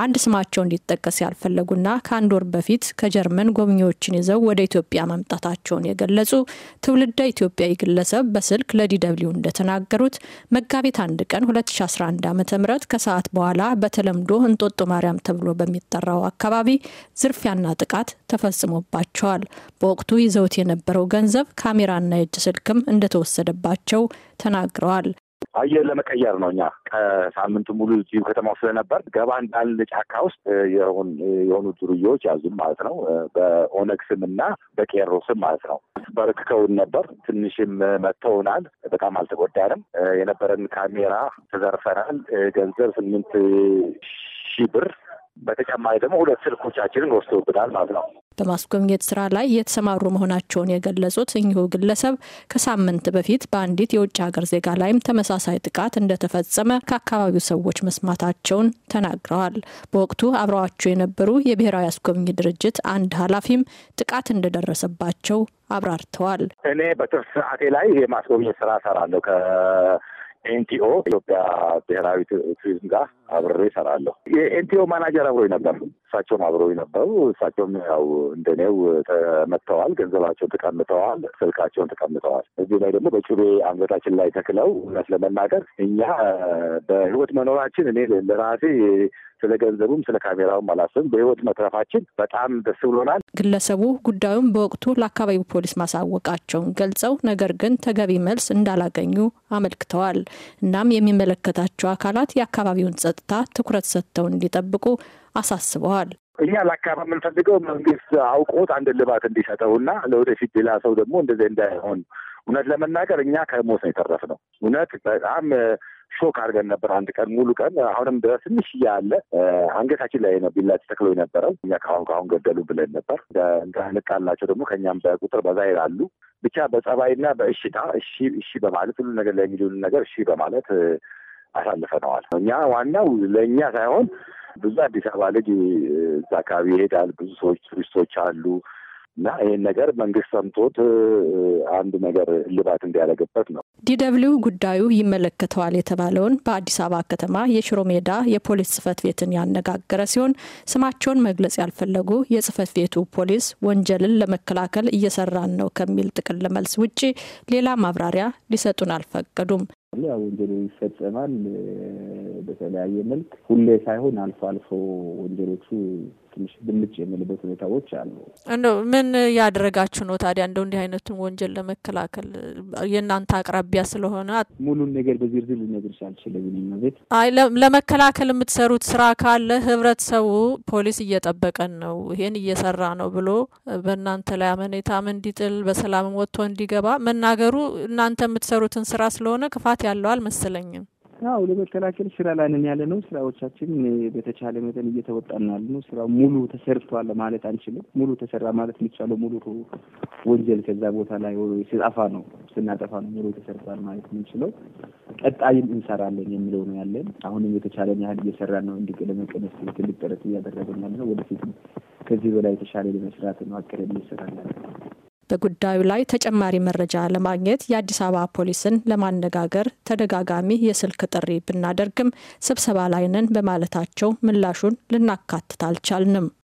አንድ ስማቸው እንዲጠቀስ ያልፈለጉና ከአንድ ወር በፊት ከጀርመን ጎብኚዎችን ይዘው ወደ ኢትዮጵያ መምጣታቸውን የገለጹ ትውልደ ኢትዮጵያዊ ግለሰብ በስልክ ለዲደብሊው እንደተናገሩት መጋቢት አንድ ቀን 2011 ዓ ም ከሰዓት በኋላ በተለምዶ እንጦጦ ማርያም ተብሎ በሚጠራው አካባቢ ዝርፊያና ጥቃት ተፈጽሞባቸዋል። በወቅቱ ይዘውት የነበረው ገንዘብ ካሜራና የእጅ ስልክም እንደተወሰደባቸው ተናግረዋል። አየር ለመቀየር ነው። እኛ ከሳምንቱ ሙሉ እዚሁ ከተማው ስለነበር ገባ እንዳለ ጫካ ውስጥ የሆኑ ዱርዬዎች ያዙም ማለት ነው። በኦነግ ስም እና በቄሮ ስም ማለት ነው። በርክከውን ነበር። ትንሽም መጥተውናል። በጣም አልተጎዳንም። የነበረን ካሜራ ተዘርፈናል። ገንዘብ ስምንት ሺህ ብር በተጨማሪ ደግሞ ሁለት ስልኮቻችንን ወስዶብናል ማለት ነው። በማስጎብኘት ስራ ላይ የተሰማሩ መሆናቸውን የገለጹት እኚሁ ግለሰብ ከሳምንት በፊት በአንዲት የውጭ ሀገር ዜጋ ላይም ተመሳሳይ ጥቃት እንደተፈጸመ ከአካባቢው ሰዎች መስማታቸውን ተናግረዋል። በወቅቱ አብረዋቸው የነበሩ የብሔራዊ አስጎብኝ ድርጅት አንድ ኃላፊም ጥቃት እንደደረሰባቸው አብራርተዋል። እኔ በትርፍ ሰዓቴ ላይ የማስጎብኘት ስራ እሰራለሁ ኤንቲኦ ኢትዮጵያ ብሔራዊ ቱሪዝም ጋር አብሬ እሰራለሁ። የኤንቲኦ ማናጀር አብሮኝ ነበር። እሳቸውም አብረው ነበሩ። እሳቸውም ያው እንደኔው ተመትተዋል፣ ገንዘባቸውን ተቀምጠዋል፣ ስልካቸውን ተቀምጠዋል። እዚህ ላይ ደግሞ በጩቤ አንገታችን ላይ ተክለው እውነት ለመናገር እኛ በህይወት መኖራችን እኔ ለራሴ ስለ ገንዘቡም ስለ ካሜራውም አላስብም። በህይወት መትረፋችን በጣም ደስ ብሎናል። ግለሰቡ ጉዳዩን በወቅቱ ለአካባቢው ፖሊስ ማሳወቃቸውን ገልጸው ነገር ግን ተገቢ መልስ እንዳላገኙ አመልክተዋል። እናም የሚመለከታቸው አካላት የአካባቢውን ጸጥታ ትኩረት ሰጥተው እንዲጠብቁ አሳስበዋል። እኛ ላካባ የምንፈልገው መንግስት አውቆት አንድ ልባት እንዲሰጠው እና ለወደፊት ሌላ ሰው ደግሞ እንደዚህ እንዳይሆን እውነት ለመናገር እኛ ከሞት ነው የተረፍነው። እውነት በጣም ሾክ አድርገን ነበር። አንድ ቀን ሙሉ ቀን አሁንም ድረስ ትንሽ እያለ አንገታችን ላይ ነው ቢላ ተክሎ የነበረው። እኛ ከአሁን ከአሁን ገደሉ ብለን ነበር። እንዳንቃላቸው ደግሞ ከእኛም በቁጥር በዛ ይላሉ። ብቻ በጸባይና በእሽታ እሺ እሺ በማለት ሁሉ ነገር ለሚሉን ነገር እሺ በማለት አሳልፈነዋል። እኛ ዋናው ለእኛ ሳይሆን ብዙ አዲስ አበባ ልጅ እዛ አካባቢ ይሄዳል። ብዙ ሰዎች ቱሪስቶች አሉ እና ይህን ነገር መንግስት ሰምቶት አንድ ነገር እልባት እንዲያደርግበት ነው። ዲደብሊው ጉዳዩ ይመለከተዋል የተባለውን በአዲስ አበባ ከተማ የሽሮ ሜዳ የፖሊስ ጽህፈት ቤትን ያነጋገረ ሲሆን ስማቸውን መግለጽ ያልፈለጉ የጽህፈት ቤቱ ፖሊስ ወንጀልን ለመከላከል እየሰራን ነው ከሚል ጥቅል መልስ ውጪ ሌላ ማብራሪያ ሊሰጡን አልፈቀዱም። ያው ወንጀሉ ይፈጸማል በተለያየ መልክ፣ ሁሌ ሳይሆን አልፎ አልፎ ወንጀሎቹ ትንሽ ብልጭ የሚልበት ሁኔታዎች አሉ። እንደው ምን ያደረጋችሁ ነው ታዲያ? እንደው እንዲህ አይነቱን ወንጀል ለመከላከል የእናንተ አቅራቢያ ስለሆነ ሙሉን ነገር በዝርዝር ልነግርሽ አልችልም። ቤት ለመከላከል የምትሰሩት ስራ ካለ ህብረተሰቡ ፖሊስ እየጠበቀን ነው፣ ይሄን እየሰራ ነው ብሎ በእናንተ ላይ አመኔታም እንዲጥል በሰላም ወጥቶ እንዲገባ መናገሩ እናንተ የምትሰሩትን ስራ ስለሆነ ክፋት ግንኙነት ያለው አልመሰለኝም። አዎ ለመከላከል ስራ ላይ ያለ ነው። ስራዎቻችን በተቻለ መጠን እየተወጣና ያለ ነው። ስራው ሙሉ ተሰርቷል ማለት አንችልም። ሙሉ ተሰራ ማለት የሚቻለው ሙሉ ወንጀል ከዛ ቦታ ላይ ስጠፋ ነው ስናጠፋ ነው ሙሉ ተሰርቷል ማለት የምንችለው። ቀጣይም እንሰራለን የሚለው ነው ያለን። አሁንም የተቻለን ያህል እየሰራን ነው። እንዲህ ለመቀነስ ትልቅ ጥረት እያደረግን ያለ ነው። ወደፊት ከዚህ በላይ የተሻለ ለመስራት ማቀድ እየሰራን ያለ ነው። በጉዳዩ ላይ ተጨማሪ መረጃ ለማግኘት የአዲስ አበባ ፖሊስን ለማነጋገር ተደጋጋሚ የስልክ ጥሪ ብናደርግም ስብሰባ ላይ ነን በማለታቸው ምላሹን ልናካትት አልቻልንም።